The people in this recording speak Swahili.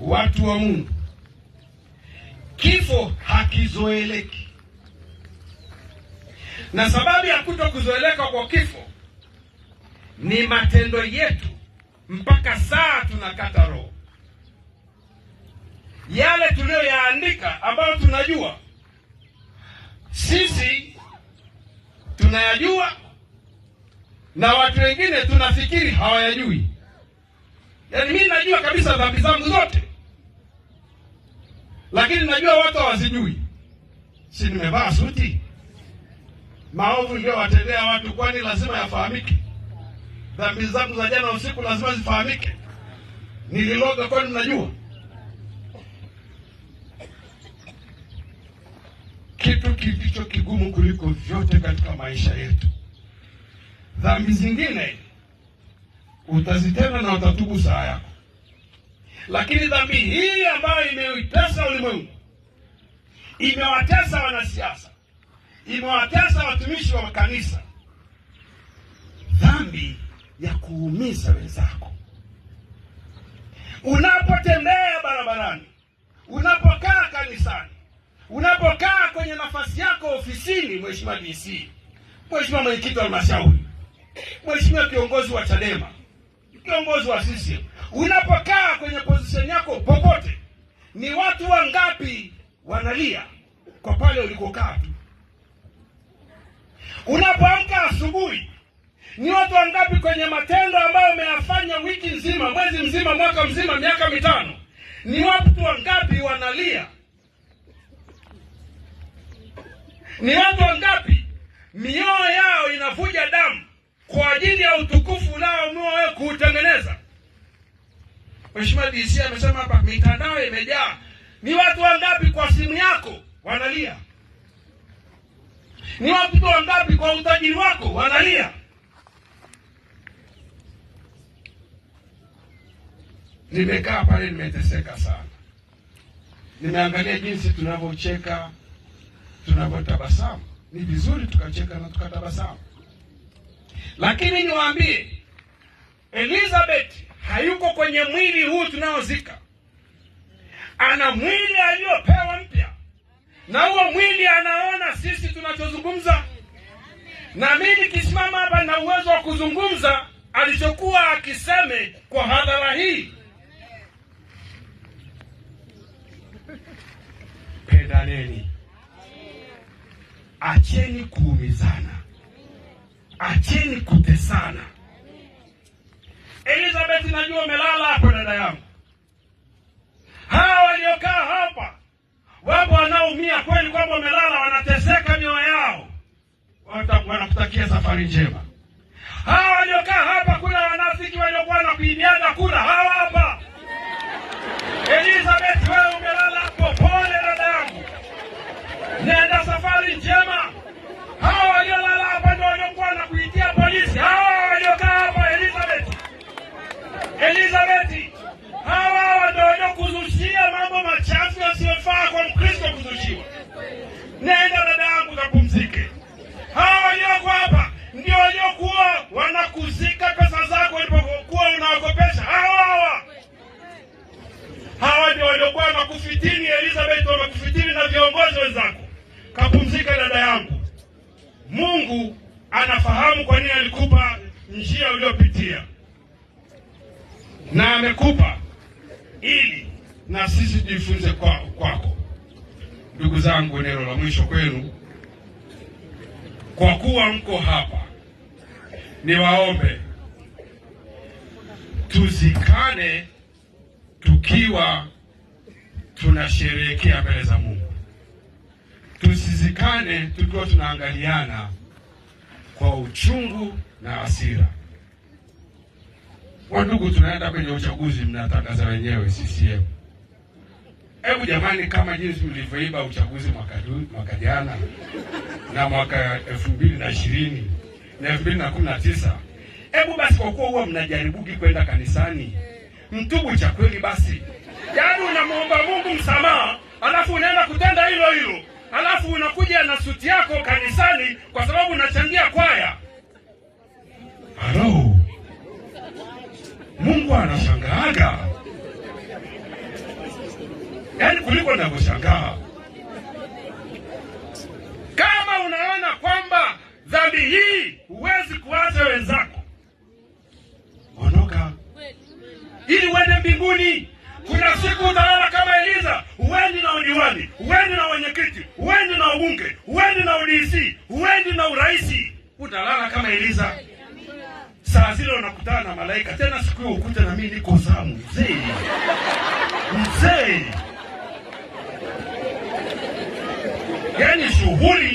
Watu wa Mungu, kifo hakizoeleki, na sababu ya kuto kuzoeleka kwa kifo ni matendo yetu mpaka saa tunakata roho, yale tuliyoyaandika ambayo tunajua sisi tunayajua na watu wengine tunafikiri hawayajui. Yaani mimi najua kabisa dhambi zangu zote, lakini najua watu hawazijui. Si nimevaa suti? Maovu ndio watendea watu, kwani lazima yafahamike? Dhambi zangu za jana usiku lazima zifahamike? Nililoga, kwani mnajua? Kitu kilicho kigumu kuliko vyote katika maisha yetu, dhambi zingine utazitenda na utatubu saa yako. Lakini dhambi hii ambayo imeitesa ulimwengu, imewatesa wanasiasa, imewatesa watumishi wa makanisa, dhambi ya kuumiza wenzako, unapotembea barabarani, unapokaa kanisani, unapokaa kwenye nafasi yako ofisini, Mheshimiwa DC, Mheshimiwa mwenyekiti wa halmashauri, Mheshimiwa kiongozi wa Chadema kiongozi wa sisi, unapokaa kwenye position yako popote, ni watu wangapi wanalia kwa pale ulikokaa tu? Unapoamka asubuhi, ni watu wangapi kwenye matendo ambayo umeyafanya wiki nzima, mwezi mzima, mwaka mzima, miaka mitano, ni watu wangapi wanalia? Ni watu wangapi mioyo yao inavuja damu kwa ajili ya utukufu lao mioyo Mheshimiwa DC amesema hapa, mitandao imejaa. Ni watu wangapi kwa simu yako wanalia? Ni watu wangapi kwa utajiri wako wanalia? Nimekaa pale nimeteseka sana, nimeangalia jinsi tunavyocheka, tunavyotabasamu. Ni vizuri tukacheka na tukatabasamu, lakini niwaambie Elizabeth hayuko kwenye mwili huu tunaozika, ana mwili aliyopewa mpya, na huo mwili anaona sisi tunachozungumza. Na mimi nikisimama hapa na uwezo wa kuzungumza alichokuwa akiseme kwa hadhara hii. Pendaneni, acheni kuumizana, acheni kutesana. Elizabeth, najua umelala hapo dada yangu. Hawa waliokaa hapa wapo wanaoumia kweli kwamba wamelala, wanateseka mioyo yao, wanakutakia safari njema hawa waliokaa Nenda dadangu, kapumzike. Hawa walioko hapa ndio waliokuwa wanakuzika pesa zako ulipokuwa unawakopesha. Hawa hawa hawa ndio waliokuwa wanakufitini Elizabeth, wanakufitini na viongozi wenzako. Kapumzika dada yangu, Mungu anafahamu kwa nini alikupa njia uliyopitia na amekupa ili na sisi tujifunze kwako kwa ndugu zangu, neno la mwisho kwenu, kwa kuwa mko hapa, niwaombe tuzikane tukiwa tunasherehekea mbele za Mungu, tusizikane tukiwa tunaangaliana kwa uchungu na hasira. Wandugu, tunaenda kwenye uchaguzi, mnatangaza wenyewe CCM Hebu jamani, kama jinsi mlivyoiba uchaguzi mwaka mwaka jana na mwaka elfu mbili na ishirini na elfu mbili na kumi na tisa hebu basi, kwa kuwa huwa mnajaribugi kwenda kanisani, mtubu cha kweli basi. Yaani unamwomba Mungu msamaha, alafu unaenda kutenda hilo hilo, alafu unakuja na suti yako kanisani kwa sababu unachangia kwaya. Halo. kuliko ninavyoshangaa. Kama unaona kwamba dhambi hii huwezi kuacha wenzako, ondoka ili uende mbinguni. Kuna siku utalala kama Eliza, huendi na udiwani, huendi na wenyekiti, huendi na ubunge, huendi na udisi, huendi na uraisi, utalala kama Eliza. Saa zile unakutana na malaika tena, siku hiyo ukute na mimi niko zamu mzee mzee yaani shughuli